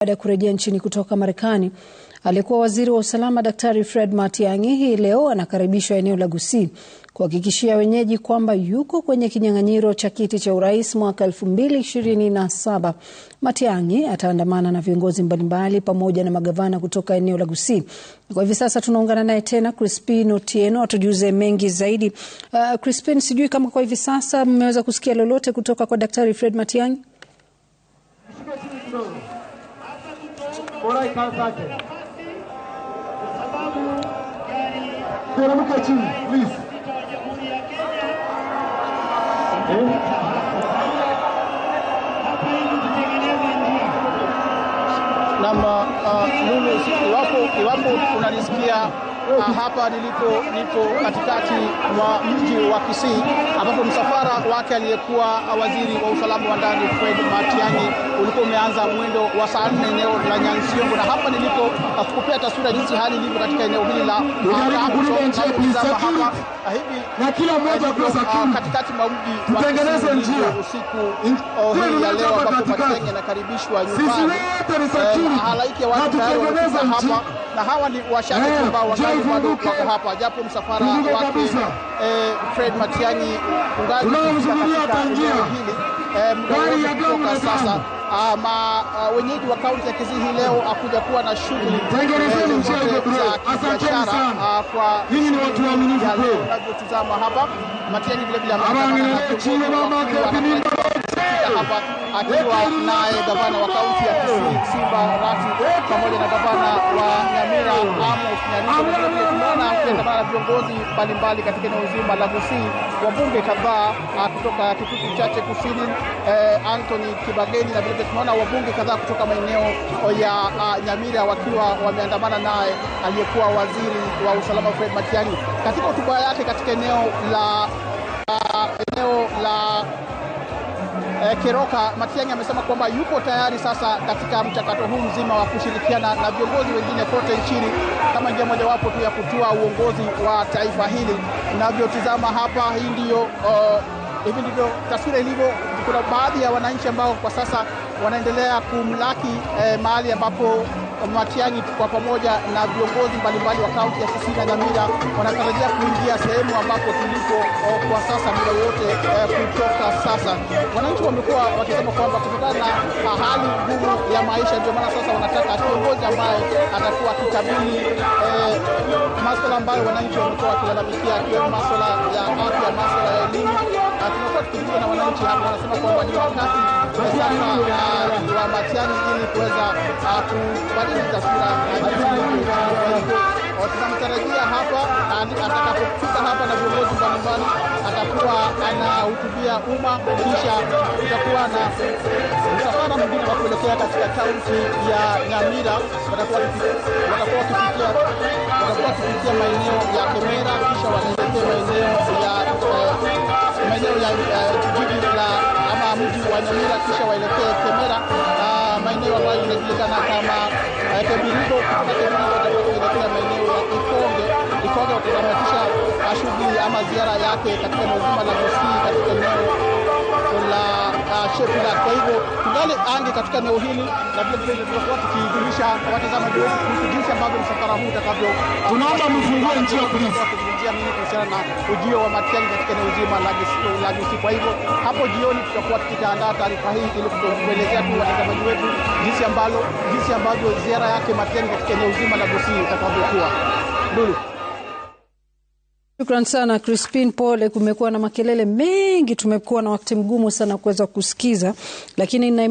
Baada ya kurejea nchini kutoka Marekani, aliyekuwa waziri wa usalama Daktari Fred Matiang'i hii leo anakaribishwa eneo la Gusii kuhakikishia wenyeji kwamba yuko kwenye kinyang'anyiro cha kiti cha urais mwaka 2027. Matiang'i ataandamana na viongozi mbalimbali pamoja na magavana kutoka eneo la Gusii. Kwa hivi sasa tunaungana naye tena Crispin Otieno atujuze mengi zaidi. Uh, Crispin, sijui kama kwa hivi sasa mmeweza kusikia lolote kutoka kwa Daktari Fred Matiang'i? Koray Kalsaki. Koramı kaçın, please. Evet. Eh? Nam, uh, uh iwapo, iwapo unanisikia hapa nilipo nipo katikati mwa mji wa Kisii ambapo msafara wake aliyekuwa waziri wa usalama wa ndani Fred Matiang'i ulikuwa umeanza mwendo wa saa nne eneo la Nyansiongo, na hapa nilipo kukupea uh, taswira jinsi hali ilivyo katika eneo hili la uh, na kila mmoja kwa uh, sakini katikati mwa mji wa tutengeneze njia usiku hii ya leo, ambapo Matiang'i anakaribishwa nyumbani. Sisi wote ni eh, sakini, halaiki ya watu tayari hapa, na hawa ni washabiki eh, ambao bado mpaka hapa, japo msafara wake eh, Fred Matiang'i ungali katika eneo eh, sasa ama ah, ah, wenyeji wa kaunti ya Kisii hii leo akuja kuwa na shughuli eh, za kibiashara ah, kwa nyinyi, ni watu waaminifu kweli. hapa Matiang'i vile vile hapa akiwa naye gavana wa kaunti ya Kisii Simba Rati pamoja na gavana wa Nyamira Amos Nyaricho. akiandamana na viongozi mbalimbali katika eneo zima la Kisii, wabunge kadhaa ah, kutoka Kitutu Chache Kusini, eh, Anthony Kibageni na vilevile tumeona wabunge kadhaa kutoka maeneo ya uh, ah, Nyamira wakiwa wameandamana naye aliyekuwa waziri wa usalama Fred Matiang'i katika hotuba yake katika eneo la uh, eneo la eh, Keroka Matiang'i amesema kwamba yupo tayari sasa katika mchakato huu mzima wa kushirikiana na viongozi wengine kote nchini kama njia mojawapo tu ya kutua uongozi wa taifa hili. Unavyotizama hapa, hii ndiyo uh, hivi ndivyo taswira ilivyo. Kuna baadhi ya wananchi ambao kwa sasa wanaendelea kumlaki eh, mahali ambapo Matiang'i kwa pamoja na viongozi mbalimbali wa kaunti ya Kisii na Nyamira wanatarajia kuingia sehemu ambapo tulipo eh, kwa sasa muda wote eh, kutoka sasa. Wananchi wamekuwa wakisema kwamba kutokana na hali ngumu ya maisha, ndio maana sasa wanataka kiongozi ambaye atakuwa akikabili eh, maswala ambayo wananchi wamekuwa wakilalamikia, akiwemo maswala ya afya, maswala ya elimu. Ah, tumekuwa tukizungumza na wananchi hapa, wanasema kwamba ni wakati sasa tuambatiani ili kuweza kubadili taswira. Tunamtarajia hapa atakapofika hapa na viongozi mbalimbali, atakuwa anahutubia umma, kisha utakuwa na msafara mwingine wa kuelekea katika kaunti ya Nyamira. Watakuwa wakipitia maeneo ya komera kisha Mwanamila kisha waelekee Kemera maeneo ambayo yanajulikana kama eh, Kebirigo. Kutoka Kebirigo watakuwa kuelekea maeneo ya Ikonge. Ikonge watatamatisha eh, shughuli ama ziara yake katika eneo zima la Busia shape lake. Kwa hivyo tungali ange katika eneo hili na vile vile tunakuwa tukiidhinisha watazamaji wetu kuhusu jinsi ambavyo msafara huu utakavyo. Tunaomba mfungue njia please, kuzungumzia nini kuhusiana na ujio wa Matiang'i katika eneo zima la Gusii. Kwa hivyo hapo jioni tutakuwa tukiandaa taarifa hii ili kuelezea tu watazamaji wetu jinsi ambalo jinsi ambavyo ziara yake Matiang'i katika eneo zima la Gusii itakavyokuwa. Lulu. Shukran sana Crispin Pole. Kumekuwa na makelele mengi, tumekuwa na wakati mgumu sana kuweza kusikiza, lakini na